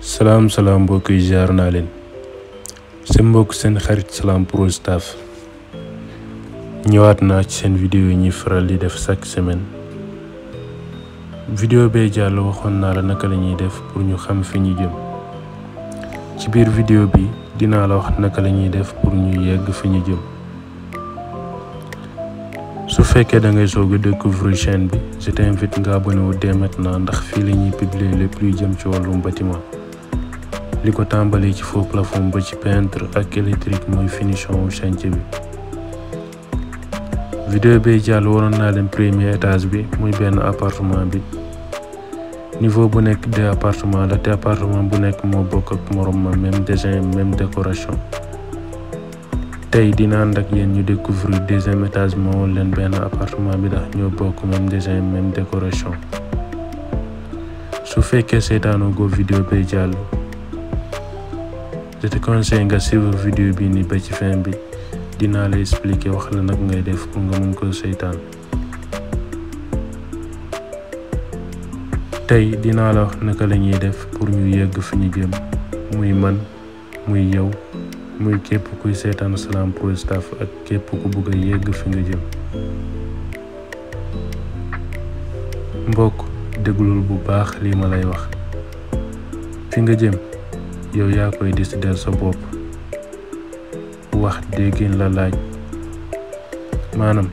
salaam salaam mbokk yi jaar naa leen seen mbokk seen xarit Salam Pro Staff ñëwaat naa ci seen vidéo yi ñuy faral di def chaque semaine vidéo bee jàll waxoon naa la naka la ñuy def pour ñu xam fi ñu jëm ci biir vidéo bi dinaa la wax naka lañuy def pour ñu yegg fi ñu jëm su fekkee da ngay soog a découvrir chaîne bi je t'invite nga abonné wu dès maintenant ndax fii la ñuy publier lépp luy jëm ci wàllum bâtiment li ko tàmbali ci faux plafond ba ci peintre ak électrique mooy finition wu chantier bi. vidéo bay jàll waroon naa leen premier étage bi muy benn appartement bi niveau bu nekk de appartement la te appartement bu nekk moo bokk ak morom ma même design même décoration. tey dina ànd ak yéen ñu découvrir deuxième étage ma woon leen benn appartement bi ndax ñoo bokk même design même décoration su fekkee seetaanoo ko vidéo bay jàll. te te conseil nga suivre vidéo bi ni ba ci fin bi dinaa la expliquer wax la nag ngay def pour nga mun ko seytaan tey dinaa la wax naka la ñuy def pour ñu yegg fi ñu jëm muy man muy yow muy képp kuy seetaan Salam Pro Staff ak képp ku bëgg a yegg fi nga jëm mbokk déglul bu baax lii ma lay wax fi nga jëm yow yaa koy décider sa bopp wax déggin la laaj maanaam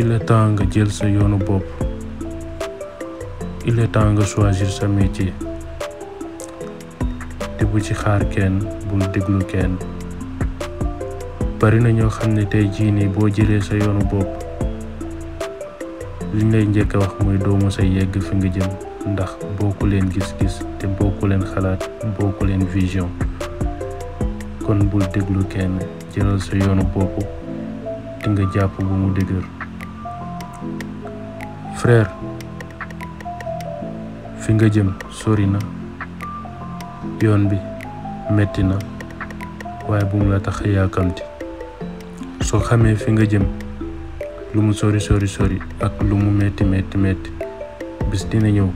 il est nga jël sa yoonu bopp il est temps nga choisir sa métier te ci xaar kenn bul déglu kenn bari na ñoo xam ne tey jii nii boo jëlee sa yoonu bopp. liñ lay njëkk wax muy doomu sa yegg fi nga jëm ndax bokku leen gis-gis te bokkuleen xalaat bokku leen vision kon bul déglu kenn jëlal sa yoonu bopp te nga jàpp bu mu dëgër frère fi nga jëm sori na yoon bi metti na waaye bu mu la tax a yàkkamti soo xamee fi nga jëm lu mu sori sori sori ak lu mu metti metti metti bis dina ñëw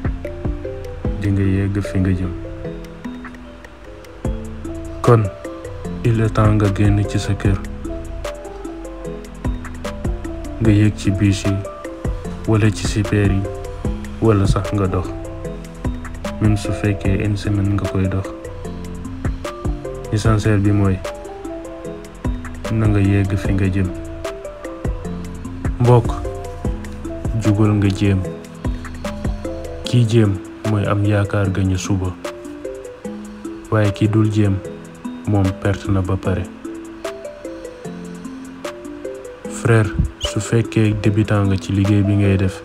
dinga nga fi nga jëm kon il est nga génn ci sa kër nga yéeg ci biis yi wala ci sipeer yi walla sax nga dox même su fekkee une semaine nga koy dox essentiel bi mooy na nga yegg fi nga jëm mbokk jugal nga jéem kii jéem mooy am yaakaar gañu suba waaye ki dul jéem moom perte na ba pare frère su fekkee débutant nga ci liggéey bi ngay def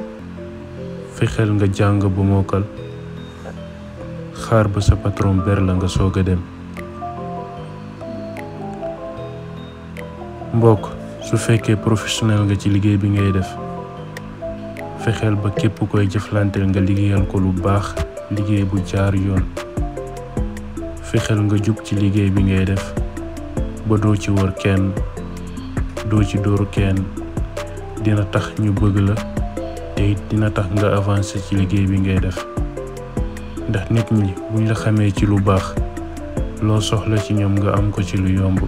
fexeel nga jàng ba mokkal xaar ba sa patron ber nga soog a dem mbokk su fekkee professionnel nga ci liggéey bi ngay def fexeel ba képp koy jëflanteel nga liggéeyal ko lu baax liggéey bu jaar yoon fexeel nga jub ci liggéey bi ngay def ba doo ci wër kenn doo ci dóor kenn dina tax ñu bëgg la te it dina tax nga avancer ci liggéey bi ngay def ndax nit ñi buñ la xamee ci lu baax loo soxla ci ñoom nga am ko ci lu yomb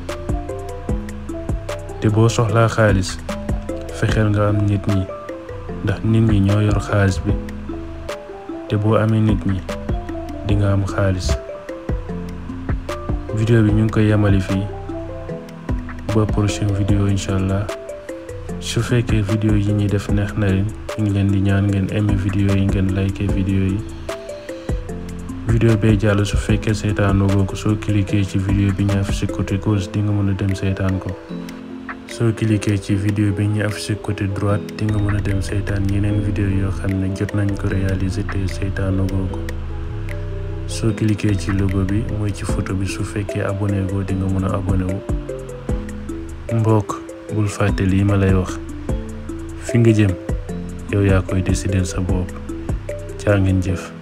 te boo soxlaa xaalis fexeel nga am nit ñi ndax nit ñi ñoo yor xaalis bi te boo amee nit ñi di nga am xaalis vidéo bi ñu ngi koy yemali fii ba prochaine vidéo incha allah su fekkee vidéo yi ñuy def neex na leen ñu ngi leen di ñaan ngeen aimé vidéo yi ngeen like vidéo yi vidéo bee jàll su fekkee seetaanoo ko soo cliqué ci vidéo bi ñaar fi si côté gauche di nga mën a dem seetaan ko soo cliquer ci vidéo bi ñu affiché côté droite di nga mën a dem saytaan yeneen vidéo yoo xam ne jot nañ ko réaliser te saytaanagoo ko soo cliquer ci logo bi mooy ci photo bi su fekkee abonné goo di nga mën a abonné wu mbokk bul lii ma lay wax fi nga jëm yow yaa koy décider sa bopp caa ngeen jëf